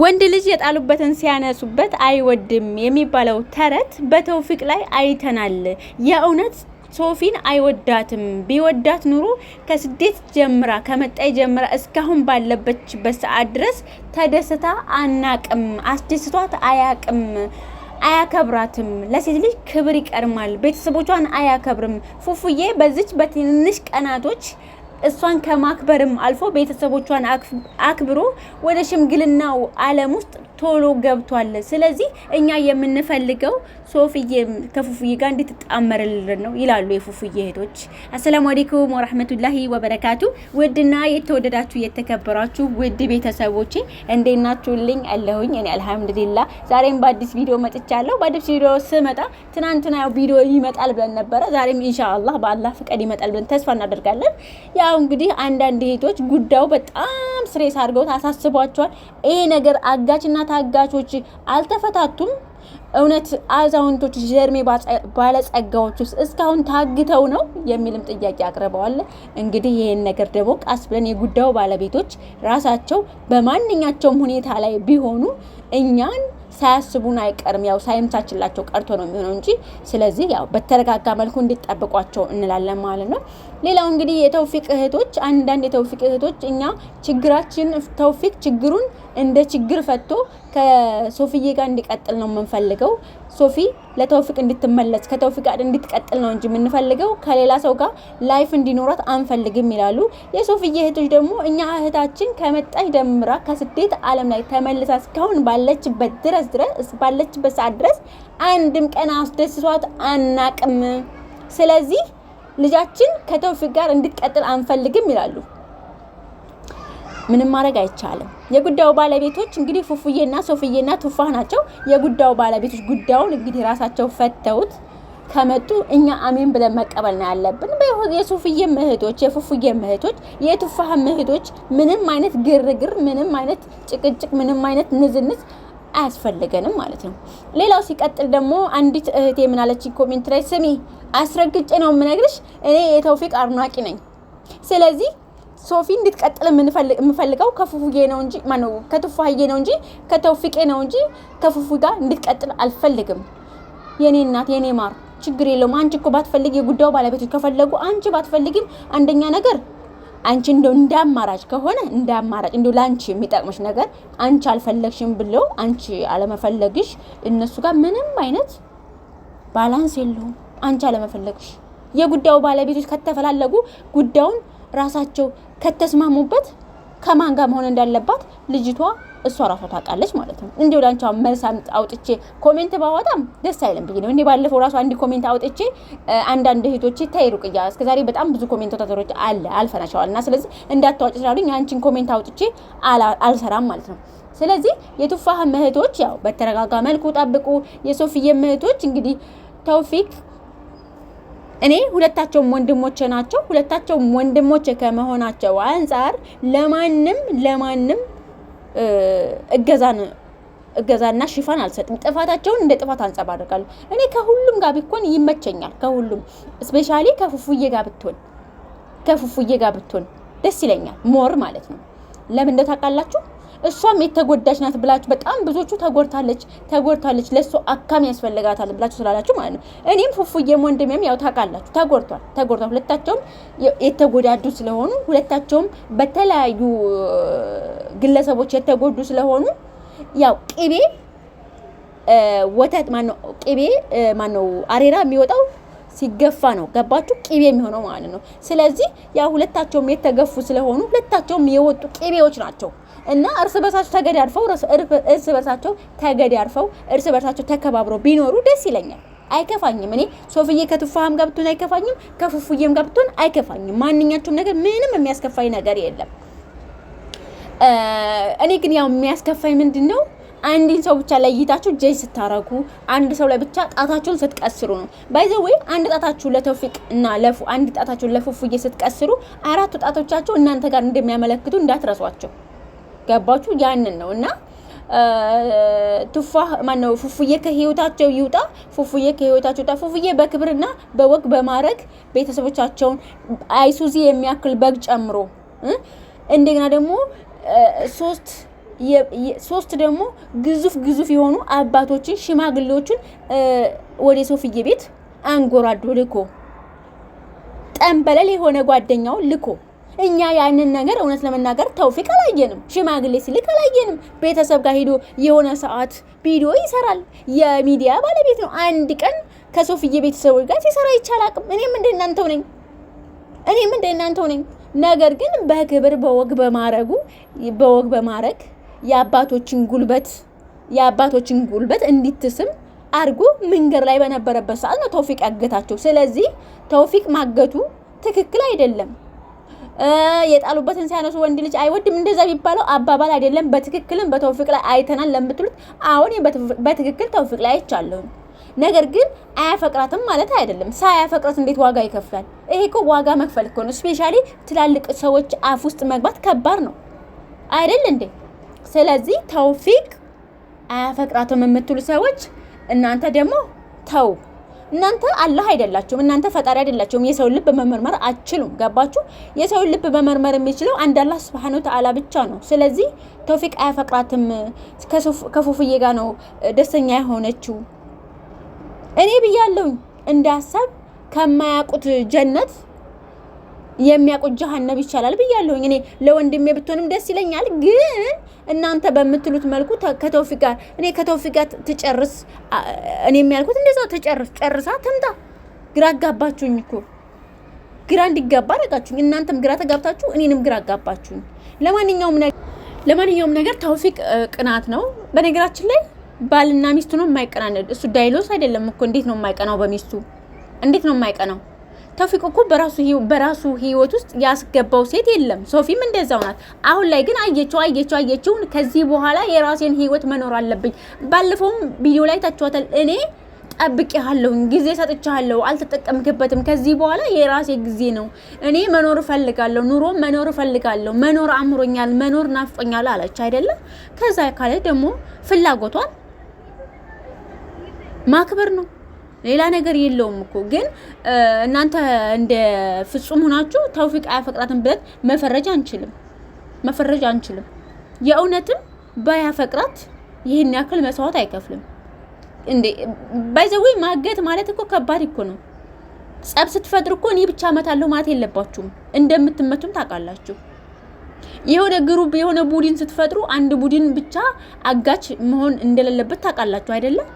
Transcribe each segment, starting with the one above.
ወንድ ልጅ የጣሉበትን ሲያነሱበት አይወድም የሚባለው ተረት በተውፊቅ ላይ አይተናል። የእውነት ሶፊን አይወዳትም። ቢወዳት ኑሮ ከስደት ጀምራ ከመጣይ ጀምራ እስካሁን ባለበችበት ሰዓት ድረስ ተደስታ አናቅም። አስደስቷት አያቅም። አያከብራትም። ለሴት ልጅ ክብር ይቀርማል ቤተሰቦቿን አያከብርም። ፉፉዬ በዚች በትንንሽ ቀናቶች እሷን ከማክበርም አልፎ ቤተሰቦቿን አክብሮ ወደ ሽምግልናው ዓለም ውስጥ ቶሎ ገብቷል። ስለዚህ እኛ የምንፈልገው ሶፍዬ ከፉፉዬ ጋር እንድትጣመርልን ነው ይላሉ የፉፉዬ እህቶች። አሰላሙ አሌይኩም ወራህመቱላሂ ወበረካቱ። ውድና የተወደዳችሁ የተከበራችሁ ውድ ቤተሰቦቼ እንዴት ናችሁልኝ? አለሁኝ እኔ አልሐምዱሊላ። ዛሬም በአዲስ ቪዲዮ መጥቻለሁ። በአዲስ ቪዲዮ ስመጣ ትናንትና ቪዲዮ ይመጣል ብለን ነበረ። ዛሬም ኢንሻአላህ በአላህ ፍቃድ ይመጣል ብለን ተስፋ እናደርጋለን። ያው እንግዲህ አንዳንድ እህቶች ጉዳዩ በጣም ስሬስ አድርገውት አሳስቧቸዋል። ይሄ ነገር አጋችና ታጋቾች አልተፈታቱም። እውነት አዛውንቶች ጀርሜ ባለጸጋዎች ውስጥ እስካሁን ታግተው ነው የሚልም ጥያቄ አቅርበዋል። እንግዲህ ይህን ነገር ደግሞ ቃስ ብለን የጉዳዩ ባለቤቶች ራሳቸው በማንኛቸውም ሁኔታ ላይ ቢሆኑ እኛን ሳያስቡን አይቀርም። ያው ሳይምቻችላቸው ቀርቶ ነው የሚሆነው እንጂ ስለዚህ ያው በተረጋጋ መልኩ እንዲጠብቋቸው እንላለን ማለት ነው። ሌላው እንግዲህ የተውፊቅ እህቶች፣ አንዳንድ የተውፊቅ እህቶች እኛ ችግራችን ተውፊቅ ችግሩን እንደ ችግር ፈቶ ከሶፍዬ ጋር እንዲቀጥል ነው የምንፈልገው። ሶፊ ለተውፊቅ እንድትመለስ ከተውፊቅ ጋር እንድትቀጥል ነው እንጂ የምንፈልገው ከሌላ ሰው ጋር ላይፍ እንዲኖራት አንፈልግም ይላሉ። የሶፊዬ እህቶች ደግሞ እኛ እህታችን ከመጣች ደምራ ከስደት ዓለም ላይ ተመልሳ እስካሁን ባለችበት ድረስ ድረስ ባለችበት ሰዓት ድረስ አንድም ቀን አስደስቷት አናቅም። ስለዚህ ልጃችን ከተውፊቅ ጋር እንድትቀጥል አንፈልግም ይላሉ። ምንም ማድረግ አይቻልም። የጉዳዩ ባለቤቶች እንግዲህ ፉፉዬና ሶፍዬና ቱፋህ ናቸው። የጉዳዩ ባለቤቶች ጉዳዩን እንግዲህ ራሳቸው ፈተውት ከመጡ እኛ አሜን ብለን መቀበል ነው ያለብን። የሱፍዬ እህቶች፣ የፉፉዬ እህቶች፣ የቱፋህ ምህቶች ምንም አይነት ግርግር፣ ምንም አይነት ጭቅጭቅ፣ ምንም አይነት ንዝንዝ አያስፈልገንም ማለት ነው። ሌላው ሲቀጥል ደግሞ አንዲት እህቴ የምናለች ኮሜንት ላይ ስሚ፣ አስረግጬ ነው የምነግርሽ እኔ የተውፊቅ አድናቂ ነኝ። ስለዚህ ሶፊ እንድትቀጥል የምፈልገው ከፉፉዬ ነው እንጂ ማነው ከቱፋዬ ነው እንጂ ከተውፊቄ ነው እንጂ ከፉፉ ጋር እንድትቀጥል አልፈልግም። የኔ እናት የኔ ማር ችግር የለውም። አንቺ እኮ ባትፈልግ የጉዳዩ ባለቤቶች ከፈለጉ አንቺ ባትፈልግም፣ አንደኛ ነገር አንቺ እንደው እንዳማራጭ ከሆነ እንዳማራጭ እንደው ለአንቺ የሚጠቅምሽ ነገር አንቺ አልፈለግሽም ብለው አንቺ አለመፈለግሽ እነሱ ጋር ምንም አይነት ባላንስ የለውም። አንቺ አለመፈለግሽ የጉዳዩ ባለቤቶች ከተፈላለጉ ጉዳዩን ራሳቸው ከተስማሙበት ከማን ጋር መሆን እንዳለባት ልጅቷ እሷ ራሷ ታውቃለች ማለት ነው። እንዲ ወዳንቻ መልስ አውጥቼ ኮሜንት ባወጣም ደስ አይለም ብዬ ነው። እኔ ባለፈው ራሱ አንድ ኮሜንት አውጥቼ አንዳንድ እህቶቼ ተይ ሩቅያ፣ እስከዛሬ በጣም ብዙ ኮሜንት ወታደሮች አለ አልፈናቸዋል እና ስለዚህ እንዳታወጭ ስላሉኝ አንቺን ኮሜንት አውጥቼ አልሰራም ማለት ነው። ስለዚህ የቱፋህ እህቶች ያው በተረጋጋ መልኩ ጠብቁ። የሶፊዬ እህቶች እንግዲህ ተውፊክ እኔ ሁለታቸውም ወንድሞቼ ናቸው። ሁለታቸውም ወንድሞቼ ከመሆናቸው አንጻር ለማንም ለማንም እገዛን እገዛና ሽፋን አልሰጥም። ጥፋታቸውን እንደ ጥፋት አንጸባርቃለሁ። እኔ ከሁሉም ጋር ቢኮን ይመቸኛል። ከሁሉም እስፔሻሊ ከፉፉዬ ጋር ብትሆን ከፉፉዬ ጋር ብትሆን ደስ ይለኛል። ሞር ማለት ነው። ለምን እንደው ታውቃላችሁ እሷም የተጎዳች ናት ብላችሁ በጣም ብዙዎቹ ተጎድታለች ተጎድታለች ለእሱ አካሚ ያስፈልጋታል ብላችሁ ስላላችሁ ማለት ነው። እኔም ፉፉዬም ወንድሜም ያው ታውቃላችሁ ተጎድቷል ተጎድቷል። ሁለታቸውም የተጎዳዱ ስለሆኑ ሁለታቸውም በተለያዩ ግለሰቦች የተጎዱ ስለሆኑ ያው ቅቤ ወተት ማነው ቅቤ ማነው አሬራ የሚወጣው ሲገፋ ነው። ገባችሁ? ቅቤ የሚሆነው ማለት ነው። ስለዚህ ያ ሁለታቸውም የተገፉ ስለሆኑ ሁለታቸውም የወጡ ቅቤዎች ናቸው። እና እርስ በርሳቸው ተገዳድፈው እርስ በርሳቸው ተገዳድፈው እርስ በርሳቸው ተከባብረው ቢኖሩ ደስ ይለኛል። አይከፋኝም። እኔ ሶፍዬ ከቱፋህም ጋር ብትሆን አይከፋኝም፣ ከፉፉዬም ጋር ብትሆን አይከፋኝም። ማንኛቸውም ነገር ምንም የሚያስከፋኝ ነገር የለም። እኔ ግን ያው የሚያስከፋኝ ምንድን ነው አንድን ሰው ብቻ ለይታችሁ ጀጅ ስታረጉ አንድ ሰው ላይ ብቻ ጣታችሁን ስትቀስሩ ነው። ዘ ወይ አንድ ጣታችሁ ለተውፊቅ እና ለፉ አንድ ጣታችሁን ለፉፉዬ ስትቀስሩ አራቱ ጣቶቻቸው እናንተ ጋር እንደሚያመለክቱ እንዳትረሷቸው። ገባችሁ? ያንን ነው እና ቱፋህ ነው? ፉፉዬ ከህይወታቸው ይውጣ። ፉፉዬ ከህይወታቸው ይውጣ። ፉፉዬ በክብርና በወግ በማድረግ ቤተሰቦቻቸውን አይሱዚ የሚያክል በግ ጨምሮ እንደገና ደግሞ ሶስት ሶስት ደግሞ ግዙፍ ግዙፍ የሆኑ አባቶችን ሽማግሌዎችን ወደ ሶፍዬ ቤት አንጎራዶ ልኮ ጠንበለል የሆነ ጓደኛው ልኮ እኛ ያንን ነገር እውነት ለመናገር ተውፊቅ አላየንም። ሽማግሌ ሲልክ አላየንም። ቤተሰብ ጋር ሄዶ የሆነ ሰዓት ቪዲዮ ይሰራል። የሚዲያ ባለቤት ነው። አንድ ቀን ከሶፍዬ ቤተሰቦች ጋር ሲሰራ ይቻል አቅም እኔም እንደ እናንተው ነኝ። እኔም እንደ እናንተው ነኝ። ነገር ግን በክብር በወግ በማረጉ በወግ በማረግ የአባቶችን ጉልበት የአባቶችን ጉልበት እንዲትስም አርጎ መንገድ ላይ በነበረበት ሰዓት ነው ተውፊቅ ያገታቸው። ስለዚህ ተውፊቅ ማገቱ ትክክል አይደለም። የጣሉበትን ሳያነሱ ወንድ ልጅ አይወድም እንደዛ ቢባለው አባባል አይደለም። በትክክልም በተውፊቅ ላይ አይተናል ለምትሉት አሁን በትክክል ተውፊቅ ላይ አይቻለሁ። ነገር ግን አያፈቅራትም ማለት አይደለም። ሳያፈቅራት እንዴት ዋጋ ይከፍላል? ይሄ እኮ ዋጋ መክፈል እኮ ነው። ስፔሻሊ ትላልቅ ሰዎች አፍ ውስጥ መግባት ከባድ ነው አይደል እንዴ? ስለዚህ ተውፊቅ አያፈቅራትም የምትሉ ሰዎች እናንተ ደግሞ ተው እናንተ አላህ አይደላችሁም። እናንተ ፈጣሪ አይደላችሁም። የሰው ልብ መመርመር አችሉም። ገባችሁ? የሰው ልብ መመርመር የሚችለው አንድ አላህ ስብሓነ ወተዓላ ብቻ ነው። ስለዚህ ተውፊቅ አያፈቅራትም። ከፉፉዬ ጋር ነው ደስተኛ የሆነችው። እኔ ብያለሁኝ እንደ ሀሳብ ከማያውቁት ጀነት የሚያውቁት ጀሀነብ ይቻላል ብያለሁኝ። እኔ ለወንድሜ ብትሆንም ደስ ይለኛል፣ ግን እናንተ በምትሉት መልኩ ከተውፊቅ ጋር እኔ ከተውፊቅ ጋር ትጨርስ፣ እኔ የሚያልኩት እንደዛ ትጨርስ፣ ጨርሳ ትምጣ። ግራ አጋባችሁኝ እኮ ግራ እንዲጋባ አረጋችሁኝ። እናንተም ግራ ተጋብታችሁ እኔንም ግራ አጋባችሁኝ። ለማንኛውም ነገር ለማንኛውም ነገር ተውፊቅ ቅናት ነው። በነገራችን ላይ ባልና ሚስቱ ነው የማይቀናነድ። እሱ ዳይሎስ አይደለም እኮ። እንዴት ነው የማይቀናው በሚስቱ? እንዴት ነው የማይቀናው? ተውፊቅ እኮ በራሱ በራሱ ህይወት ውስጥ ያስገባው ሴት የለም። ሶፊም እንደዛው ናት። አሁን ላይ ግን አየችው አየችው አየችውን ከዚህ በኋላ የራሴን ህይወት መኖር አለብኝ። ባለፈውም ቪዲዮ ላይ ታችኋታል። እኔ ጠብቄሃለሁ፣ ጊዜ ሰጥቻለሁ፣ አልተጠቀምክበትም። ከዚህ በኋላ የራሴ ጊዜ ነው። እኔ መኖር እፈልጋለሁ፣ ኑሮ መኖር እፈልጋለሁ፣ መኖር አምሮኛል፣ መኖር ናፍቆኛል አለች አይደለም። ከዛ ካለ ደግሞ ፍላጎቷን ማክበር ነው። ሌላ ነገር የለውም እኮ ግን እናንተ እንደ ፍጹም ሆናችሁ ተውፊቅ አያፈቅራትም ብለት መፈረጅ አንችልም፣ መፈረጅ አንችልም። የእውነትም ባያፈቅራት ይህን ያክል መስዋዕት አይከፍልም። እንዴ ባይዘዌ ማገት ማለት እኮ ከባድ እኮ ነው። ጸብ ስትፈጥር እኮ እኔ ብቻ እመታለሁ ማለት የለባችሁም። እንደምትመቱም ታውቃላችሁ። የሆነ ግሩፕ የሆነ ቡድን ስትፈጥሩ አንድ ቡድን ብቻ አጋች መሆን እንደሌለበት ታውቃላችሁ አይደለም?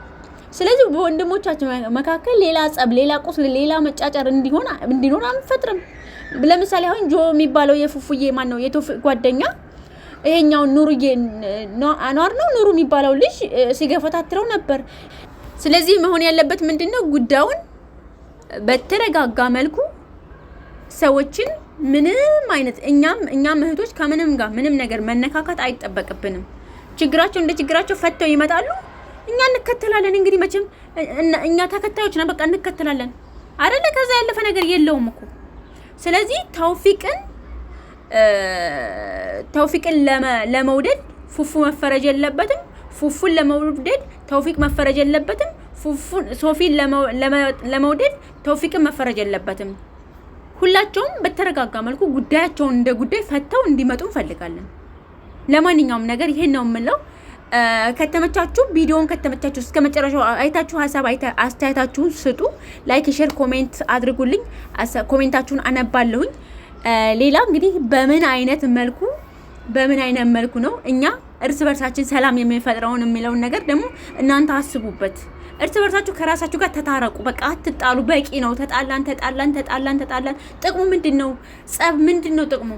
ስለዚህ በወንድሞቻችን መካከል ሌላ ጸብ፣ ሌላ ቁስል፣ ሌላ መጫጨር እንዲሆን እንዲኖር አንፈጥርም። ለምሳሌ አሁን ጆ የሚባለው የፉፉዬ ማን ነው የቶፊቅ ጓደኛ ይሄኛው ኑሩዬ አኗር ነው ኑሩ የሚባለው ልጅ ሲገፈታትረው ነበር። ስለዚህ መሆን ያለበት ምንድን ነው? ጉዳዩን በተረጋጋ መልኩ ሰዎችን ምንም አይነት እኛም እኛም እህቶች ከምንም ጋር ምንም ነገር መነካካት አይጠበቅብንም። ችግራቸው እንደ ችግራቸው ፈተው ይመጣሉ። እኛ እንከተላለን። እንግዲህ መቼም እኛ ተከታዮች ነን፣ በቃ እንከተላለን አይደለ? ከዛ ያለፈ ነገር የለውም እኮ ስለዚህ ተውፊቅን ተውፊቅን ለመውደድ ፉፉ መፈረጅ የለበትም። ፉፉን ለመውደድ ተውፊቅ መፈረጅ የለበትም። ፉፉን ሶፊን ለመውደድ ተውፊቅን መፈረጅ የለበትም። ሁላቸውም በተረጋጋ መልኩ ጉዳያቸውን እንደ ጉዳይ ፈተው እንዲመጡ እንፈልጋለን። ለማንኛውም ነገር ይሄን ነው የምለው። ከተመቻችሁ ቪዲዮውን ከተመቻችሁ እስከ መጨረሻው አይታችሁ ሀሳብ አስተያየታችሁን ስጡ። ላይክ፣ ሼር፣ ኮሜንት አድርጉልኝ። ኮሜንታችሁን አነባለሁኝ። ሌላ እንግዲህ በምን አይነት መልኩ በምን አይነት መልኩ ነው እኛ እርስ በርሳችን ሰላም የሚፈጥረውን የሚለውን ነገር ደግሞ እናንተ አስቡበት። እርስ በርሳችሁ ከራሳችሁ ጋር ተታረቁ። በቃ አትጣሉ። በቂ ነው። ተጣላን ተጣላን ተጣላን ተጣላን። ጥቅሙ ምንድን ነው? ጸብ ምንድን ነው ጥቅሙ?